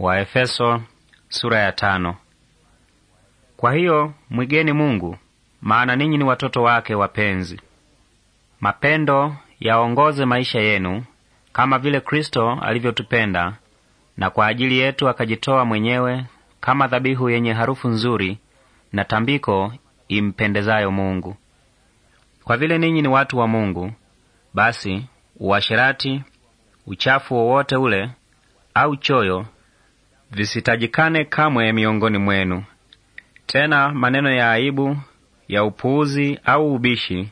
Waefeso sura ya tano. Kwa hiyo mwigeni Mungu, maana ninyi ni watoto wake wapenzi. Mapendo yaongoze maisha yenu kama vile Kristo alivyotupenda na kwa ajili yetu akajitoa mwenyewe kama dhabihu yenye harufu nzuri na tambiko impendezayo Mungu. Kwa vile ninyi ni watu wa Mungu, basi uasherati, uchafu wowote ule au choyo visitajikane kamwe miongoni mwenu. Tena maneno ya aibu, ya upuuzi au ubishi,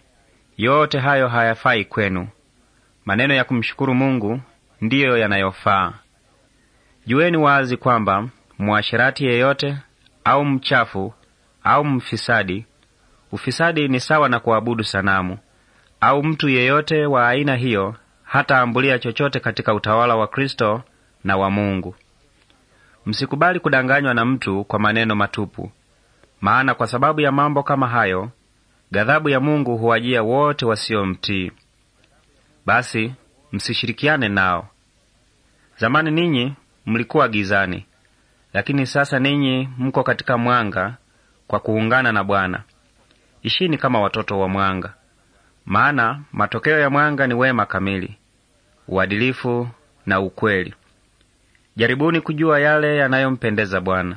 yote hayo hayafai kwenu. Maneno ya kumshukuru Mungu ndiyo yanayofaa. Jueni wazi kwamba mwashirati yeyote au mchafu au mfisadi, ufisadi ni sawa na kuabudu sanamu, au mtu yeyote wa aina hiyo hataambulia chochote katika utawala wa Kristo na wa Mungu. Msikubali kudanganywa na mtu kwa maneno matupu, maana kwa sababu ya mambo kama hayo ghadhabu ya Mungu huwajia wote wasiomtii. Basi msishirikiane nao. Zamani ninyi mlikuwa gizani, lakini sasa ninyi mko katika mwanga kwa kuungana na Bwana. Ishini kama watoto wa mwanga, maana matokeo ya mwanga ni wema kamili, uadilifu na ukweli. Jaribuni kujua yale yanayompendeza Bwana.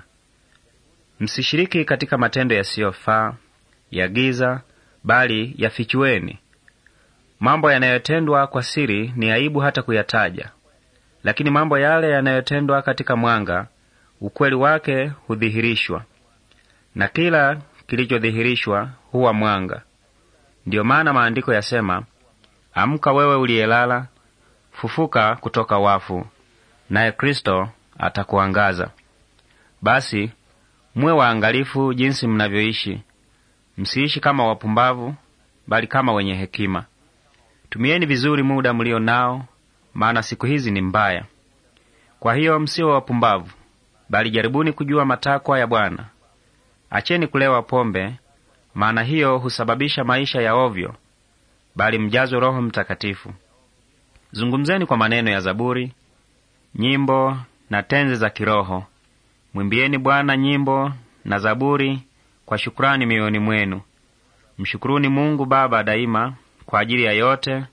Msishiriki katika matendo yasiyofaa ya giza, bali yafichueni. Mambo yanayotendwa kwa siri ni aibu hata kuyataja, lakini mambo yale yanayotendwa katika mwanga, ukweli wake hudhihirishwa, na kila kilichodhihirishwa huwa mwanga. Ndiyo maana maandiko yasema, amka wewe uliyelala, fufuka kutoka wafu naye Kristo atakuangaza. Basi muwe waangalifu jinsi mnavyoishi, msiishi kama wapumbavu, bali kama wenye hekima. Tumieni vizuri muda mlio nao, maana siku hizi ni mbaya. Kwa hiyo msiwe wapumbavu, bali jaribuni kujua matakwa ya Bwana. Acheni kulewa pombe, maana hiyo husababisha maisha ya ovyo, bali mjazwe Roho Mtakatifu. Zungumzeni kwa maneno ya Zaburi, nyimbo na tenzi za kiroho. Mwimbieni Bwana nyimbo na zaburi kwa shukurani mioyoni mwenu. Mshukuruni Mungu Baba daima kwa ajili ya yote,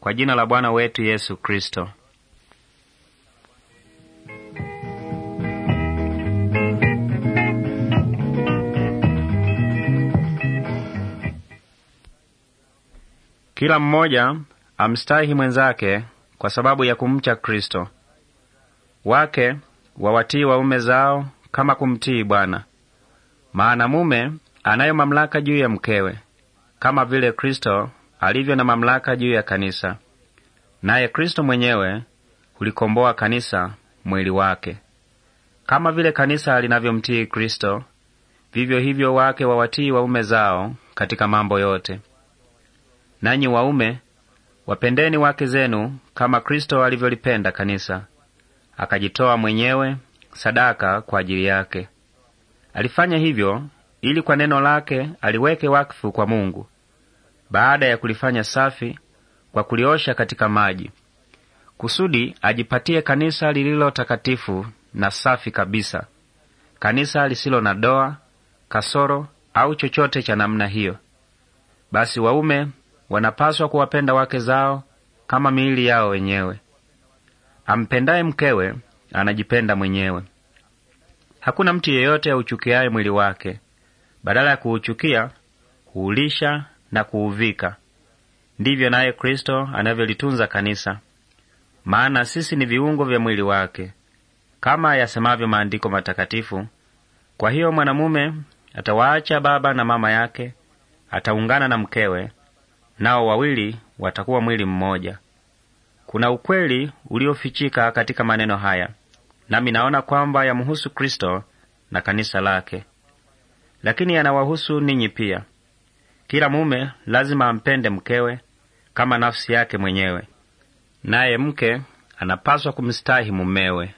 kwa jina la Bwana wetu Yesu Kristo. Kila mmoja amstahi mwenzake kwa sababu ya kumcha Kristo. Wake wawatii waume zao kama kumtii Bwana. Maana mume anayo mamlaka juu ya mkewe kama vile Kristo alivyo na mamlaka juu ya kanisa, naye Kristo mwenyewe hulikomboa kanisa, mwili wake. Kama vile kanisa linavyomtii Kristo, vivyo hivyo wake wawatii waume zao katika mambo yote. Nanyi waume, wapendeni wake zenu kama Kristo alivyolipenda kanisa akajitoa mwenyewe sadaka kwa ajili yake. Alifanya hivyo ili kwa neno lake aliweke wakfu kwa Mungu, baada ya kulifanya safi kwa kuliosha katika maji, kusudi ajipatie kanisa lililo takatifu na safi kabisa, kanisa lisilo na doa, kasoro au chochote cha namna hiyo. Basi waume wanapaswa kuwapenda wake zao kama miili yao wenyewe. Ampendaye mkewe anajipenda mwenyewe. Hakuna mtu yeyote auchukiaye mwili wake, badala ya kuuchukia huulisha na kuuvika. Ndivyo naye Kristo anavyolitunza kanisa, maana sisi ni viungo vya mwili wake, kama yasemavyo maandiko matakatifu: kwa hiyo mwanamume atawaacha baba na mama yake, ataungana na mkewe, nao wawili watakuwa mwili mmoja. Kuna ukweli uliofichika katika maneno haya, nami naona kwamba yamhusu Kristo na kanisa lake, lakini yanawahusu ninyi pia. Kila mume lazima ampende mkewe kama nafsi yake mwenyewe, naye mke anapaswa kumstahi mumewe.